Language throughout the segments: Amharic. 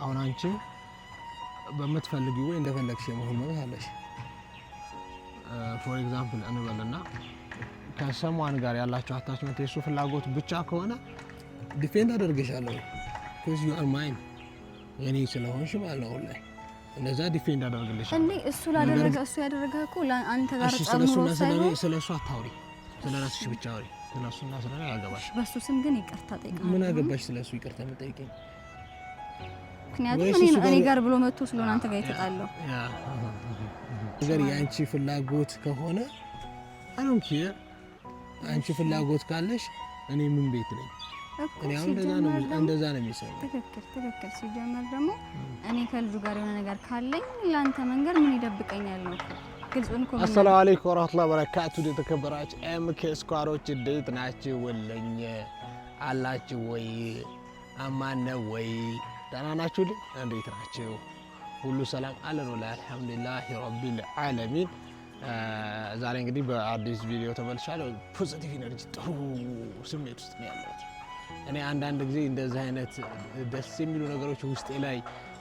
አሁን አንቺ በምትፈልጊው ወይ እንደፈለግሽ የመሆን መብት አለሽ። ፎር ኤግዛምፕል እንበልና ከሰሟን ጋር ያላቸው አታችመንት የሱ ፍላጎት ብቻ ከሆነ ዲፌንድ አደርግሻለሁ ቢኮዝ ዩ አር ማይን የኔ ስለሆንሽ ማለት ነው። ላይ እንደዛ ዲፌንድ አደርግልሻለሁ። እንዴ እሱ ላደረገ እሱ ያደረገ እኮ አንተ ጋር ጸምሮ ሳይሆን ስለ እሱ አታውሪ፣ ስለ ራስሽ ብቻ አውሪ። ስለ እሱና ስለ ያገባሽ በሱ ስም ግን ይቅርታ ጠይቃለሁ። ምን አገባሽ ስለ እሱ ይቅርታ የምጠይቀኝ ምክንያቱም እኔ ጋር ብሎ መጥቶ ስለሆነ አንተ ጋር የተጣለው ነገር የአንቺ ፍላጎት ከሆነ አሁን አንቺ ፍላጎት ካለሽ እኔ ምን ቤት ነኝ? እኔ እንደዛ ነው የሚሰራው። ትክክል ትክክል። ሲጀመር ደግሞ እኔ ከልጁ ጋር የሆነ ነገር ካለኝ ለአንተ መንገር ምን ይደብቀኛል ነው አሰላሙ አለይኩም ወራህመቱላሂ ወበረካቱ። የተከበራችሁ ኤምኬ ስኳሮች እንዴት ናችሁ? ወለኝ አላችሁ ወይ? አማን ወይ? ደህና ናችሁልኝ? እንዴት ናችሁ? ሁሉ ሰላም አለን ወላ? አልሐምዱሊላህ ረቢል ዓለሚን። ዛሬ እንግዲህ በአዲስ ቪዲዮ ተመልሻለሁ። ፖዘቲቭ ኢነርጂ ጥሩ ስሜት ውስጥ ነው ያለሁት። እኔ አንዳንድ ጊዜ እንደዚህ አይነት ደስ የሚሉ ነገሮች ውስጤ ላይ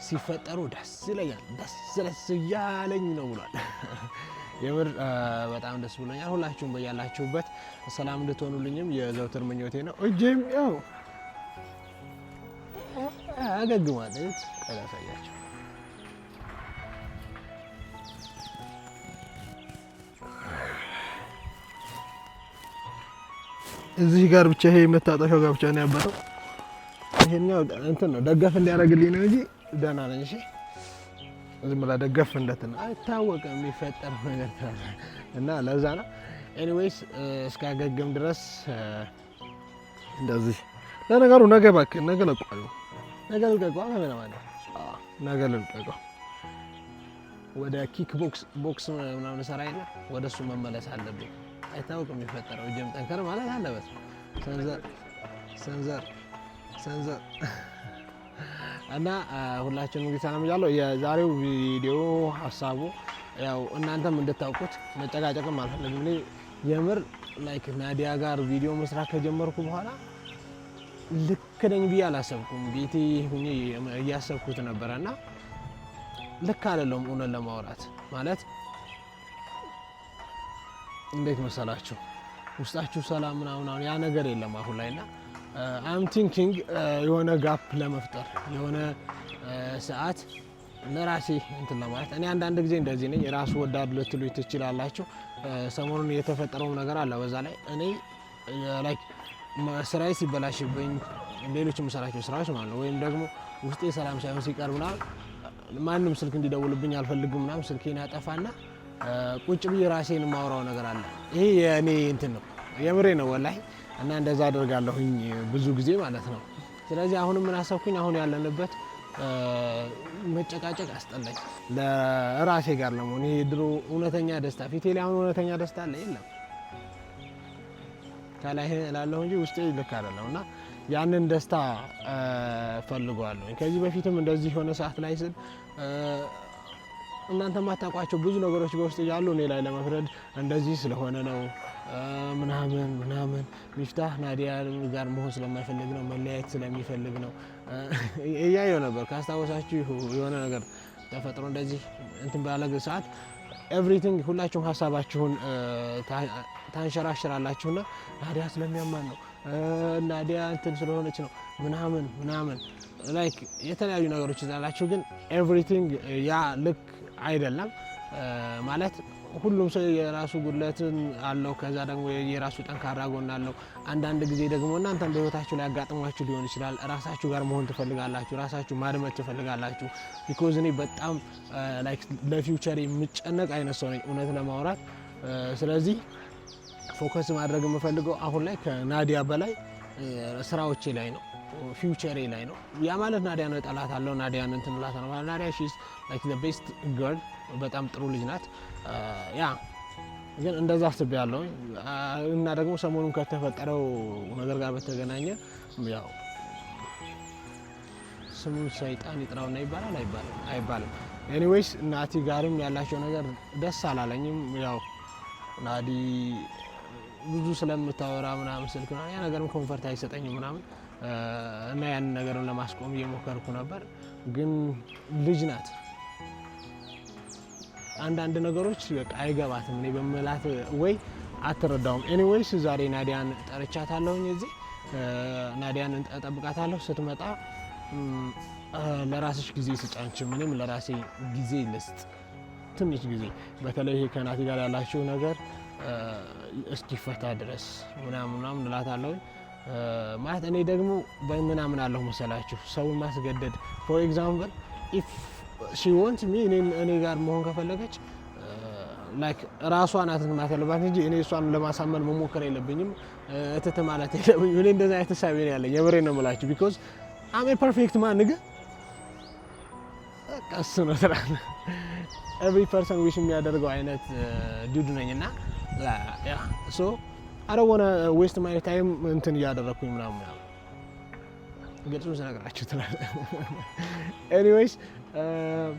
ሲፈጠሩ ደስ ይለኛል። ደስ ደስ እያለኝ ነው ብሏል። የምር በጣም ደስ ብሎኛል። ሁላችሁም በያላችሁበት ሰላም እንድትሆኑልኝም የዘውትር ምኞቴ ነው። እጄም ያው አገግማለች። ቀላሳያቸው እዚህ ጋር ብቻ ይሄ መታጠፊያው ጋር ብቻ ነው ያበረው። ይሄኛው እንትን ነው ደገፍ እንዲያደርግልኝ ነው እንጂ ደህና ነኝ። እሺ ዝም ብላ ደገፍ ነው አይታወቅም የሚፈጠር ነገር እና ለዛ ነው። ኤኒዌይስ እስካገግም ድረስ እንደዚህ ለነገሩ ነገ እባክህ ነገ ለቋለሁ ነገ ልልቀቀው አልተመለማለሁ። ነገ ልቀቀው ወደ ኪክ ቦክስ ቦክስ ምናምን ሰራ የለ ወደ እሱ መመለስ አለብኝ። አይታወቅም የሚፈጠረው። እጅም ጠንከር ማለት አለበት። ሰንዘር ሰንዘር ሰንዘር እና ሁላችሁም እንግዲህ ሰላም እያለሁ የዛሬው ቪዲዮ ሀሳቡ ያው እናንተም እንድታውቁት መጨቃጨቅም አልፈለግም። እኔ የምር ላይክ ናዲያ ጋር ቪዲዮ መስራት ከጀመርኩ በኋላ ልክ ነኝ ብዬ አላሰብኩም። ቤቴ ሁኜ እያሰብኩት ነበረ እና ልክ አይደለሁም። እውነት ለማውራት ማለት እንዴት መሰላችሁ ውስጣችሁ ሰላም ምናምን ያ ነገር የለም አሁን ላይ እና አም ቲንኪንግ የሆነ ጋፕ ለመፍጠር የሆነ ሰዓት ለራሴ እንትን ለማለት እኔ አንዳንድ ጊዜ እንደዚህ ነኝ። ራሱ ወዳድ ልትሉ ትችላላችሁ። ሰሞኑን የተፈጠረውም ነገር አለ በዛ ላይ እኔ ላይክ ስራዬ ሲበላሽብኝ ሌሎች የምሰራቸው ስራዎች ማለት ነው ወይም ደግሞ ውስጤ ሰላም ሳይሆን ሲቀር ምናምን ማንም ስልክ እንዲደውልብኝ አልፈልግም ምናምን ስልኬን ያጠፋና ቁጭ ብዬ ራሴን የማወራው ነገር አለ። ይሄ የእኔ እንትን ነው፣ የምሬ ነው ወላሂ። እና እንደዛ አደርጋለሁኝ ብዙ ጊዜ ማለት ነው። ስለዚህ አሁንም ምን አሰብኩኝ፣ አሁን ያለንበት መጨቃጨቅ አስጠላኝ። ለራሴ ጋር ለመሆን ይሄ ድሮ እውነተኛ ደስታ ፊቴ ላይ አሁን እውነተኛ ደስታ አለ የለም ከላይ እላለሁ እንጂ ውስጤ ልክ አይደለም እና ያንን ደስታ ፈልጓለሁ። ከዚህ በፊትም እንደዚህ የሆነ ሰዓት ላይ ስል እናንተ ማታውቋቸው ብዙ ነገሮች በውስጥ እያሉ እኔ ላይ ለመፍረድ እንደዚህ ስለሆነ ነው ምናምን ምናምን ሚፍታህ ናዲያ ጋር መሆን ስለማይፈልግ ነው፣ መለያየት ስለሚፈልግ ነው እያየው ነበር። ካስታወሳችሁ የሆነ ነገር ተፈጥሮ እንደዚህ እንትን ባለግ ሰዓት ኤቭሪቲንግ ሁላችሁም ሀሳባችሁን ታንሸራሽራላችሁና ናዲያ ስለሚያማን ነው ናዲያ እንትን ስለሆነች ነው ምናምን ምናምን ላይክ የተለያዩ ነገሮች ይዛላችሁ። ግን ኤቭሪቲንግ ያ ልክ አይደለም ማለት ሁሉም ሰው የራሱ ጉድለትን አለው። ከዛ ደግሞ የራሱ ጠንካራ ጎን አለው። አንዳንድ ጊዜ ደግሞ እናንተን በህይወታችሁ ላይ አጋጥሟችሁ ሊሆን ይችላል። ራሳችሁ ጋር መሆን ትፈልጋላችሁ፣ ራሳችሁ ማድመት ትፈልጋላችሁ። ቢኮዝ እኔ በጣም ላይክ ለፊውቸር የምጨነቅ አይነት ሰው ነኝ እውነት ለማውራት ስለዚህ ፎከስ ማድረግ የምፈልገው አሁን ላይ ከናዲያ በላይ ስራዎቼ ላይ ነው፣ ፊውቸሬ ላይ ነው። ያ ማለት ናዲያ ነው ጠላት አለው ናዲያ ነው እንትን እላት ነው። ናዲያ ሺ ኢዝ ላይክ ዘ ቤስት ገርል፣ በጣም ጥሩ ልጅ ናት። ያ ግን እንደዛ አስቤ ያለው እና ደግሞ ሰሞኑን ከተፈጠረው ነገር ጋር በተገናኘ ያው ስሙን ሰይጣን ይጥራውና ይባላል አይባልም። ኤኒዌይስ ናቲ ጋርም ያላቸው ነገር ደስ አላለኝም። ያው ናዲ ብዙ ስለምታወራ ምናምን ስልክ ያ ነገርም ኮንፈርት አይሰጠኝም ምናምን እና ያን ነገርም ለማስቆም እየሞከርኩ ነበር። ግን ልጅ ናት። አንዳንድ ነገሮች በቃ አይገባትም። እኔ በምላት ወይ አትረዳውም። ኤኒዌይስ ዛሬ ናዲያን ጠርቻታለሁኝ። እዚህ ናዲያን እጠብቃታለሁ። ስትመጣ ለራስሽ ጊዜ ስጫንች፣ ምንም ለራሴ ጊዜ ልስጥ ትንሽ ጊዜ። በተለይ ከናቲ ጋር ያላችሁ ነገር እስኪፈታ ድረስ ምናምን ምናምን እላታለሁ። ማለት እኔ ደግሞ በምን አለሁ መሰላችሁ ሰውን ማስገደድ ፎር ኤግዛምፕል ኢፍ ሺ ወንት ሚ እኔ ጋር መሆን ከፈለገች ላይክ ራሷ ናት ማከለባት እንጂ እኔ እሷን ለማሳመን መሞከር የለብኝም። እትት ማለት የለብኝ። እኔ እንደዛ የተሳቢ ነው ያለኝ። የምሬ ነው የምላችሁ። ቢኮዝ አሜ ፐርፌክት ማን ግን ቀስ ነው ስራ ኤቭሪ ፐርሰን ዊሽ የሚያደርገው አይነት ዱድ ነኝ እና አረ ሆነ ዌስት ማይ ታይም እንትን እያደረግኩኝ ምናምን ግልጹን ስነግራችሁ ትላል። ኤኒዌይስ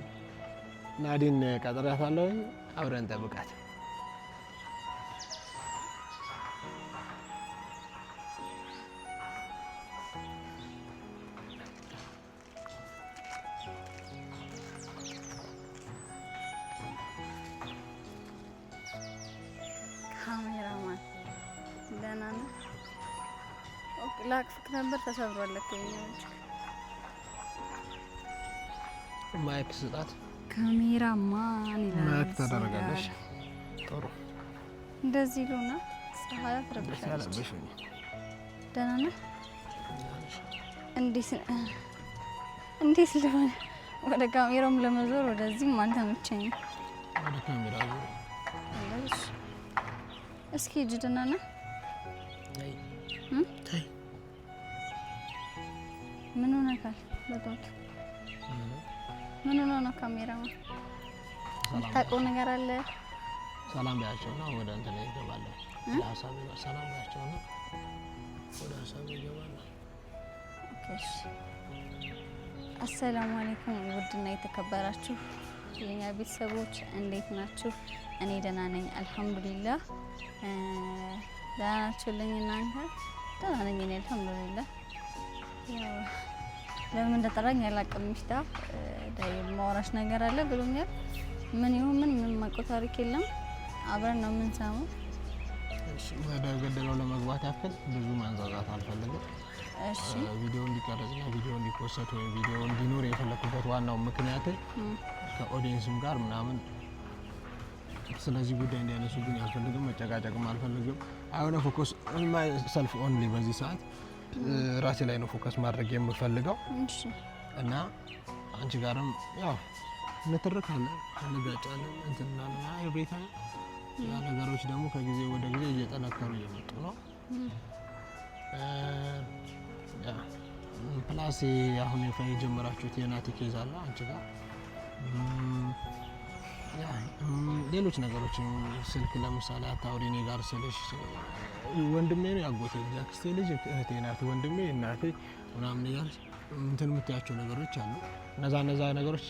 ናዲን ቀጥሬያታለሁ። አብረን ጠብቃት። ላቅፍክ ነበር ተሰብሯል። ለከኛዎች ማይክ ስጣት። ካሜራ ማን ይላል? ማይክ ታደርጋለሽ። ጥሩ እንደዚህ ሉና ፀሐይ ትረብሻለች። ደህና ነህ? እንዴት ለሆነ ወደ ካሜራውም ለመዞር ወደዚህም አልተመቸኝም። ወደ ካሜራ ዞር እስኪ ሂጂ። ደህና ነህ? ታይ ምን ሆነካል? በጠዋት ምን ሆነ ነው? ካሜራማን የምታውቀው ነገር አለ? ሰላም ነው ወደ አንተ ላይ ይገባለሁ። ለሀሳብ ሰላም ነው ወደ ሀሳብ ይገባለሁ። አሰላሙ አለይኩም ውድና የተከበራችሁ የኛ ቤተሰቦች እንዴት ናችሁ? እኔ ደህና ነኝ አልሐምዱሊላህ። ደህና ናችሁልኝ እናንተ? ደህና ነኝ እኔ አልሐምዱሊላህ ለምን እንደጠራኝ አላውቅም። ዳይ ማውራሽ ነገር አለ ብሎኛል። ምን ይሁን ምን የምንማቀው ታሪክ የለም። አብረን ነው የምንሰማው። ወደ ገደለው ለመግባት ያክል ብዙ ማንዛዛት አልፈልግም። ቪዲዮ ነው ቪዲዮ እንዲፖሰት ወይም ቪዲዮ እንዲኖር የፈለኩበት ዋናው ምክንያት ከኦዲየንስም ጋር ምናምን ስለዚህ ጉዳይ እንዲያነሱብኝ አልፈልግም። መጨቃጨቅም አልፈልግም። አይሆነ ፎኮስ ማይ ሰልፍ ኦንሊ በዚህ ሰዓት ራሴ ላይ ነው ፎከስ ማድረግ የምፈልገው እና አንቺ ጋርም ያው እንተርካለን፣ እንጋጫለን፣ እንትናና የቤታ ያ ነገሮች ደግሞ ከጊዜ ወደ ጊዜ እየጠነከሩ እየመጡ ነው። ፕላስ አሁን የጀመራችሁት የናቲ ኬዝ አለ አንቺ ጋር ሌሎች ነገሮች ስልክ ለምሳሌ አታውሪ እኔ ጋር ስልሽ ወንድሜ ነው ያጎቴ ልጅ አክስቴ ልጅ እህቴ ናት ወንድሜ እናቴ ምናምን እያልሽ እንትን የምትያቸው ነገሮች አሉ። እነዛ እነዛ ነገሮች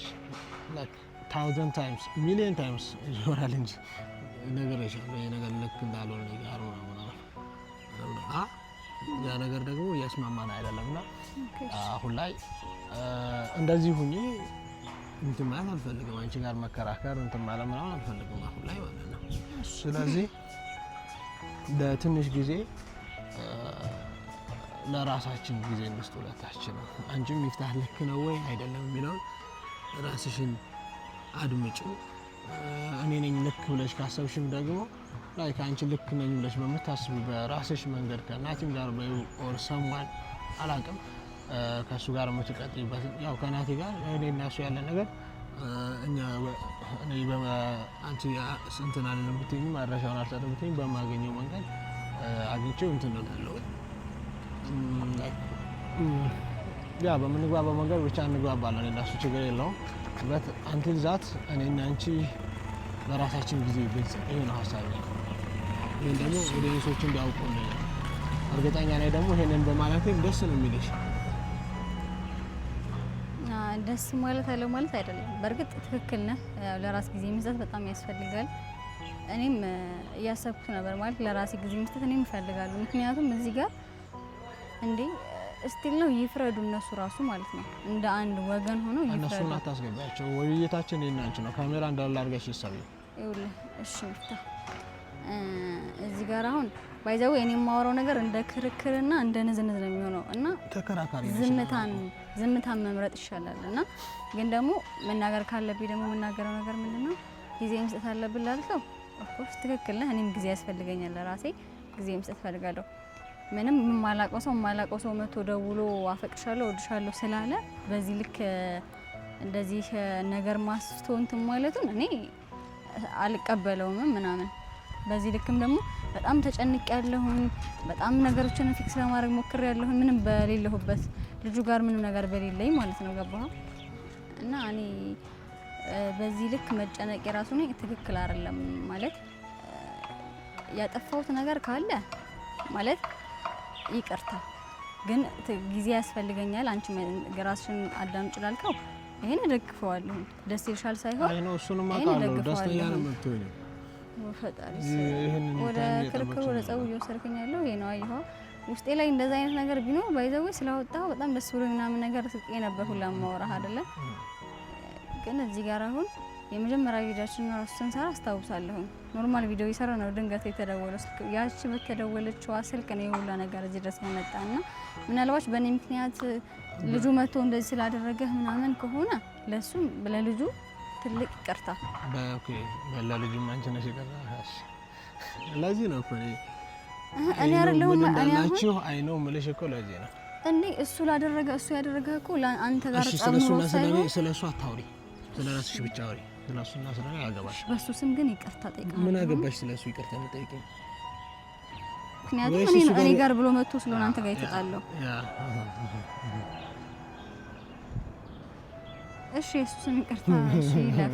ታውዘንድ ታይምስ ሚሊዮን ታይምስ ይሆናል እንጂ ነገር ይሻለ ነገር ልክ እንዳልሆነ ጋር ምናምን ያ ነገር ደግሞ እያስማማን አይደለም እና አሁን ላይ እንደዚህ ሁኜ እንትን ማለት አልፈልግም። አንቺ ጋር መከራከር እንትን ማለት ምናምን አልፈልግም አሁን ላይ ማለት ነው። ስለዚህ ለትንሽ ጊዜ ለራሳችን ጊዜ እንስጥ ሁለታችን። አንቺም ይፍታህ ልክ ነው ወይ አይደለም የሚለውን ራስሽን አድምጩ። እኔ ነኝ ልክ ብለሽ ካሰብሽም ደግሞ ላይ ከአንቺ ልክ ነኝ ብለሽ በምታስቢ በራስሽ መንገድ ከናቲም ጋር በዩ ኦር ሰሟን አላቅም ከእሱ ጋር የምትቀጥይበት ያው ከናቲ ጋር እኔ እና እሱ ያለን ነገር እኛ አንቺ እንትን አልልም ብትይኝ ማድረሻውን አልሰጥም ብትይኝ በማገኘው መንገድ አግኝቼው እንትን እላለሁ። ያ በምንግባባ መንገድ ብቻ እንግባባለን። እኔ እና እሱ ችግር የለውም። በት አንቲል ዛት እኔ እና አንቺ በራሳችን ጊዜ ግልጽ ይሄ ሀሳብ። ይህን ደግሞ ወደ ሌሎች እንዲያውቁ እርግጠኛ ላይ ደግሞ ይሄንን በማለቴ ደስ ነው የሚልሽ ደስ ማለት አለው ማለት አይደለም። በእርግጥ ትክክል ነህ። ለራስ ጊዜ መስጠት በጣም ያስፈልጋል። እኔም እያሰብኩ ነበር ማለት ለራሴ ጊዜ መስጠት እኔም እፈልጋለሁ። ምክንያቱም እዚህ ጋር እንዴ እስቲል ነው ይፍረዱ እነሱ ራሱ ማለት ነው። እንደ አንድ ወገን ሆነው ይፍረዱ። እነሱን አታስገባቸው። ውይይታችን የእናንቺ ነው። ካሜራ እንዳለ አድርጋሽ ይሳብ ይውል። እሺ ምፍታ ነገር አሁን ባይዘው እኔ የማወራው ነገር እንደ ክርክርና እንደ ንዝንዝ ነው የሚሆነው እና ተከራካሪ ዝምታን ዝምታን መምረጥ ይሻላል። እና ግን ደግሞ መናገር ካለብኝ ደግሞ የምናገረው ነገር ምንድነው ጊዜ መስጠት አለብን ላልከው ኦፍኮርስ ትክክል ነህ። እኔም ጊዜ ያስፈልገኛል ለራሴ ጊዜ መስጠት ፈልጋለሁ። ምንም የማላቀው ሰው የማላቀው ሰው መቶ ደውሎ አፈቅሻለሁ፣ ወድሻለሁ ስላለ በዚህ ልክ እንደዚህ ነገር ማስቶ እንትን ማለቱን እኔ አልቀበለውም ምናምን በዚህ ልክም ደግሞ በጣም ተጨንቅ ያለሁኝ በጣም ነገሮችን ፊክስ ለማድረግ ሞክር ያለሁኝ ምንም በሌለሁበት ልጁ ጋር ምንም ነገር በሌለኝ ማለት ነው። ገባ እና እኔ በዚህ ልክ መጨነቅ የራሱ ነኝ ትክክል አይደለም ማለት ያጠፋሁት ነገር ካለ ማለት ይቅርታ ግን ጊዜ ያስፈልገኛል። አንቺ ራስሽን አዳምጪ ላልከው ይሄን እደግፈዋለሁ። ደስ ይልሻል ሳይሆን ይሄን እደግፈዋለሁ። ፈጣሪ ወደ ክርክር ወደ ጸቡ እየወሰድክኝ ያለው ይሄ ነው። አይዋ ውስጤ ላይ እንደዛ አይነት ነገር ቢኖር ባይዘዌ ስላወጣው በጣም ደስ ብሎ ምናምን ነገር ስቄ ነበር ሁላ ማወራህ አይደለም። ግን እዚህ ጋር አሁን የመጀመሪያ ቪዲዮችን ራሱ ስንሰራ አስታውሳለሁኝ። ኖርማል ቪዲዮ ይሰራ ነው። ድንገት የተደወለ ስልክ ያቺ በተደወለችዋ ስልክ ነው የሁላ ነገር እዚህ ድረስ መጣና ምናልባት በእኔ ምክንያት ልጁ መጥቶ እንደዚህ ስላደረገህ ምናምን ከሆነ ለሱም ለልጁ ትልቅ ይቅርታ። በላ ልጁ አንቺ ነሽ የቀረ። ለዚህ ነው እኮ እኔ አይደለሁም እንዳላችሁ አይነው ምልሽ እኮ ለዚህ ነው እኔ እሱ ላደረገ እሱ ያደረገ እኮ አንተ ጋር ስለ እሱ አታውሪ፣ ስለ ራስሽ ብቻ አውሪ። ስለ እሱና ስለ ያገባሽ በእሱ ስም ግን ይቅርታ ጠይቃለሁ። ምን አገባሽ ስለ እሱ ይቅርታ መጠየቅ? ምክንያቱም እኔ ጋር ብሎ መጥቶ ስለሆነ አንተ ጋር የተጣለው እሺ የሱስን ይቅርታ እሺ ይላል።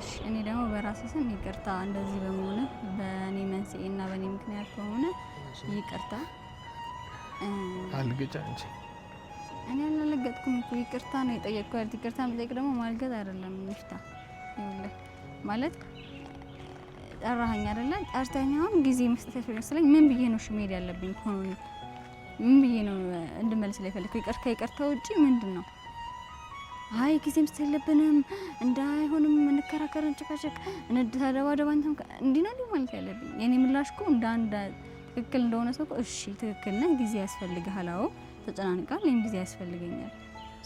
እሺ እኔ ደግሞ በራሴ ስም ይቅርታ እንደዚህ በመሆነ በእኔ መንስኤ እና በእኔ ምክንያት ከሆነ ይቅርታ። አልገጫ እንጂ እኔ አላለገጥኩም እኮ ይቅርታ ነው የጠየቅኩ ያልኩት። ይቅርታ መጠየቅ ደግሞ ማልገጥ አይደለም። ይፍታ ማለት ጠራኸኝ አይደለም ጠርተኸኝ አሁን ጊዜ መስጠት ይመስለኝ ምን ብዬ ነው እሺ መሄድ ያለብኝ ከሆኑ ምን ብዬ ነው እንድመልስ ላይ ፈለግከው? ይቅርታ ይቅርታ ውጪ ምንድን ነው? አይ ጊዜም ስለለብንም እንዳይሆንም እንከራከር፣ እንጨቃጨቅ፣ እንደተደባደባ እንዲህ ነው ማለት ያለብኝ። የኔ ምላሽ እኮ እንደ አንድ ትክክል እንደሆነ ሰው እሺ ትክክል ነህ፣ ጊዜ ያስፈልግሃል። አዎ ተጨናንቃል፣ ይህም ጊዜ ያስፈልገኛል።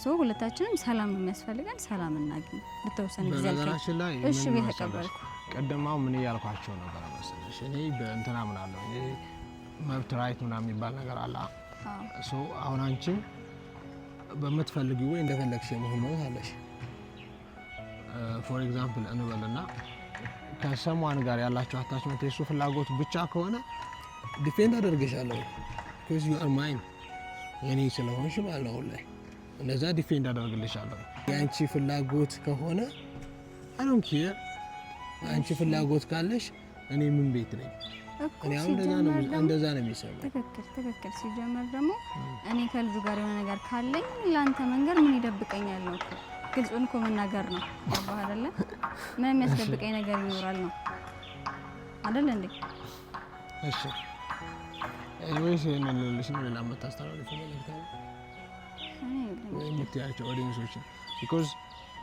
ሰው ሁለታችንም ሰላም የሚያስፈልገን፣ ሰላም እናግኝ። ብትወሰን ጊዜ አልከኝ እሺ ቤት ተቀበልኩ። ቀደማው ምን እያልኳቸው ነበር መሰለሽ እኔ በእንትና ምናለው መብት ራይት ምናምን የሚባል ነገር አለ አሁን አንቺ በምትፈልጊው ወይ እንደፈለግሽ የመሆን መብት አለሽ። ፎር ኤግዛምፕል እንበልና ከሰሟን ጋር ያላቸው አታችመንት የእሱ ፍላጎት ብቻ ከሆነ ዲፌንድ አደርግሻለሁ ቢኮዝ ዩ አር ማይን የኔ ስለሆንሽ ማለት ነው። ላይ እንደዛ ዲፌንድ አደርግልሻለሁ። የአንቺ ፍላጎት ከሆነ አይ ዶንት ኬር አንቺ ፍላጎት ካለሽ እኔ ምን ቤት ነኝ እንደዛ ነው የሚሰማው። ትክክል ትክክል። ሲጀመር ደግሞ እኔ ከልጁ ጋር የሆነ ነገር ካለኝ ለአንተ መንገር ምን ይደብቀኛል ነው ግልጹን እኮ መናገር ነው። አይደለ ምንም የሚያስደብቀኝ ነገር ይኖራል ነው አይደል እንዴ? እሺ ኤኒዌይስ ይሄንን ልልሽ ነው ሌላ የምታስተላልፈው መልእክት አለ የምትያቸው ኦዲየንሶች? ቢኮዝ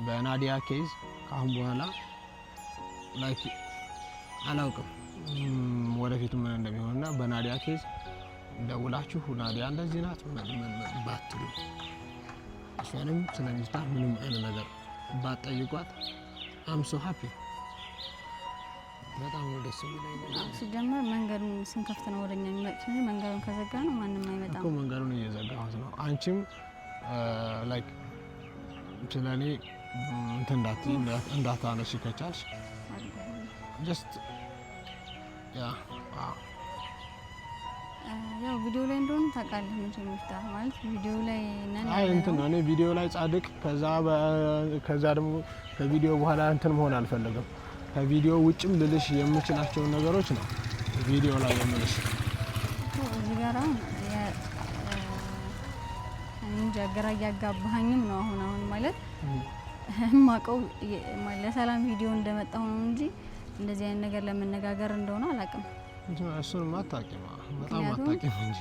በናዲያ ኬዝ ከአሁን በኋላ ላይክ አላውቅም ወደፊቱ ምን እንደሚሆንና በናዲያ ኬዝ ደውላችሁ ናዲያ እንደዚህ ናት ባትሉ እሷንም ስለሚስታ ምንም አይነት ነገር ባትጠይቋት አም ሶ ሀፒ በጣም ነው ደስ የሚለኝ። ሲጀመር መንገዱን ስንከፍት ነው ወደኛ የሚመጡት እንጂ መንገዱን ከዘጋ ነው ማንም አይመጣም እኮ። መንገዱን እየዘጋሁት ነው። አንቺም ላይክ ስለ እኔ እንትን እንዳታነሺ ከቻልሽ ጀስት ያው ቪዲዮ ላይ እንደሆነ ታውቃለህ። መቼ ሚፍታ ማለት ቪዲዮ ላይ ነን። አይ እንትን እኔ ቪዲዮ ላይ ጻድቅ፣ ከዛ ከዛ ደግሞ ከቪዲዮ በኋላ እንትን መሆን አልፈለግም። ከቪዲዮ ውጭም ልልሽ የምችላቸውን ነገሮች ነው ቪዲዮ ላይ የምልሽ። እዚህ ጋር እንጃ ግራ እያጋባህኝም ነው አሁን አሁን ማለት እማቀው ለሰላም ቪዲዮ እንደመጣሁ ነው እንጂ እንደዚህ አይነት ነገር ለመነጋገር እንደሆነ አላውቅም። እሱን አታውቂም፣ በጣም አታውቂም እንጂ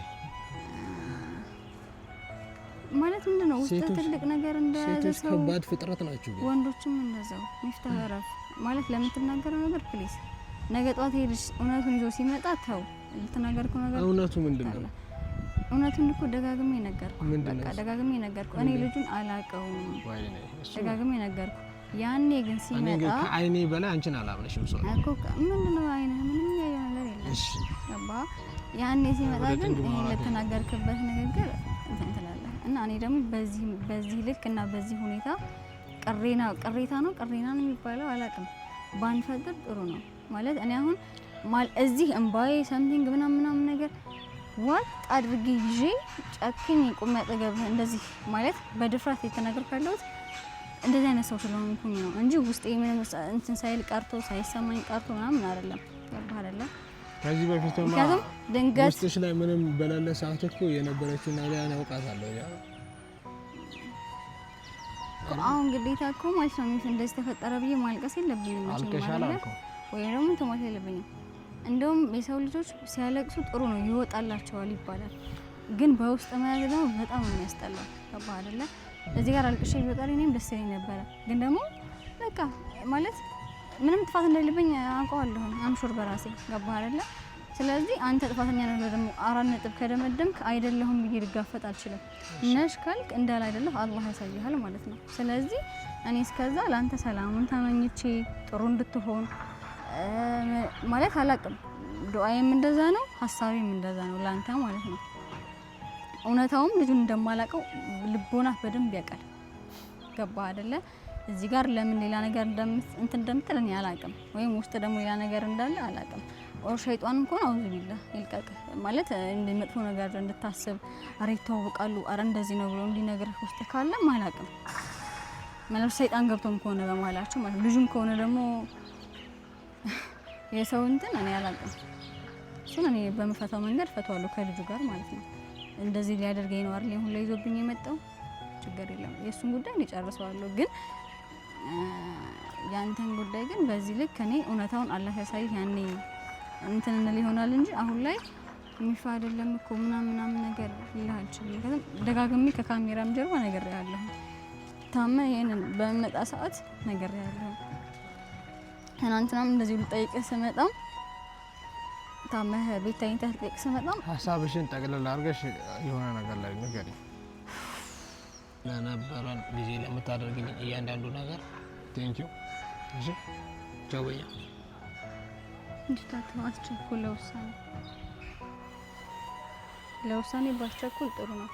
ማለት ምንድን ነው ውስጥ ትልቅ ነገር እንደያዘ ሰው ሴቶች ከባድ ፍጥረት ናቸው፣ ወንዶችም እንደዛው። ሚፍታህ እረፍ ማለት ለምትናገረው ነገር ፕሊስ፣ ነገ ጧት ሄድሽ እውነቱን ይዞ ሲመጣ ተው። የተናገርከው ነገር እውነቱ ምንድን ነው? እውነቱን እኮ ደጋግሜ ነገርኩ፣ በቃ ደጋግሜ ነገርኩ። እኔ ልጁን አላውቀውም፣ ደጋግሜ ነገርኩ። ያኔ ግን ሲመጣ ከአይኔ በላይ አንቺን አላምነሽም። ሰው እኮ ምንድን ነው አይንህ ምንም ያየው ነገር የለም። እሺ ገባ። ያኔ ሲመጣ ግን ይሄን ለተናገርክበት ንግግር እንትን ትላለህ እና እኔ ደግሞ በዚህ በዚህ ልክ እና በዚህ ሁኔታ ቅሬና ቅሬታ ነው ቅሬና ነው የሚባለው አላውቅም። ባንፈጥር ጥሩ ነው ማለት እኔ አሁን ማል እዚህ እምባዬ ሰምቲንግ ምናምን ምናምን ነገር ዋጥ አድርጌ ይዤ ጨክኝ ቁም አጠገብህ እንደዚህ ማለት በድፍረት የተናገርክ ያለሁት እንደዚህ አይነት ሰው ስለሆንኩኝ ነው እንጂ ውስጤ ምንም እንትን ሳይል ቀርቶ ሳይሰማኝ ቀርቶ ምናምን አይደለም። ገባህ አይደለ? ከዚህ በፊት ምክንያቱም ድንገት ውስጥሽ ላይ ምንም በሌለ ሰዓት እኮ የነበረችው ና ላይ ያውቃታለሁ። አሁን ግዴታ እኮ ማለት ነው እንደዚህ ተፈጠረ ብዬ ማልቀስ የለብኝም ወይ ደግሞ ተማት የለብኝም። እንደውም የሰው ልጆች ሲያለቅሱ ጥሩ ነው ይወጣላቸዋል ይባላል፣ ግን በውስጥ መያዝ ደግሞ በጣም ነው የሚያስጠላው። ገባህ አይደለ? እዚህ ጋር አልቅሼ ይበቃል እኔም ደስ ይለኝ ነበረ። ግን ደግሞ በቃ ማለት ምንም ጥፋት እንደሌለብኝ አውቀዋለሁ። አምሹር በራሴ ገባ አይደለ? ስለዚህ አንተ ጥፋተኛ ነህ ደግሞ አራት ነጥብ ከደመደምክ አይደለሁም ብዬ ልጋፈጥ አልችልም። ነሽ ካልክ እንዳል አይደለሁ አላህ ያሳይሃል ማለት ነው። ስለዚህ እኔ እስከዛ ለአንተ ሰላሙን ተመኝቼ ጥሩ እንድትሆን ማለት አላቅም። ዱዓዬም እንደዛ ነው፣ ሀሳቤም እንደዛ ነው ለአንተ ማለት ነው። እውነታውም ልጁን እንደማላቀው ልቦና በደንብ ያውቃል። ገባ አደለ? እዚህ ጋር ለምን ሌላ ነገር እንትን እንደምትል እኔ አላቅም፣ ወይም ውስጥ ደግሞ ሌላ ነገር እንዳለ አላቅም። ኦር ሸይጧን እንኳን አውዝ ቢላ ይልቀቅ ማለት እንደመጥፎ ነገር እንድታስብ አረ ይተዋወቃሉ፣ አረ እንደዚህ ነው ብሎ እንዲነገር ውስጥ ካለ አላቅም። ማለት ሰይጣን ገብቶም ከሆነ በመሀላቸው ማለት ልጁም ከሆነ ደግሞ የሰው እንትን እኔ አላቅም። እሱን እኔ በምፈታው መንገድ ፈተዋለሁ ከልጁ ጋር ማለት ነው። እንደዚህ ሊያደርገኝ ነው አይደል ሁላ ይዞብኝ የመጣው ችግር የለም የእሱን ጉዳይ እኔ ግን ያንተን ጉዳይ ግን በዚህ ልክ እኔ እውነታውን አላህ ያሳይ ያኔ እንትን እንል ይሆናል እንጂ አሁን ላይ ሚፋ አይደለም እኮ ምናምን ምናምን ነገር ይላችሁ ችግር ከዛ ደጋግሜ ከካሜራም ጀርባ ነገር ያለሁ ታመ ይሄንን በመጣ ሰዓት ነገር ያለሁ ትናንትናም እንደዚህ ልጠይቅህ ስመጣም ታመህ ቤት ተኝተህ ልጠይቅ ስመጣ ሀሳብሽን ጠቅልል አድርገሽ የሆነ ነገር ላይ ንገሪኝ። ለነበረን ጊዜ ለምታደርግልኝ እያንዳንዱ ነገር ቴንኪው። እሺ ቻውኛ። እንድታትማ አስቸኩል ለውሳኔ ለውሳኔ ባስቸኩል ጥሩ ነው።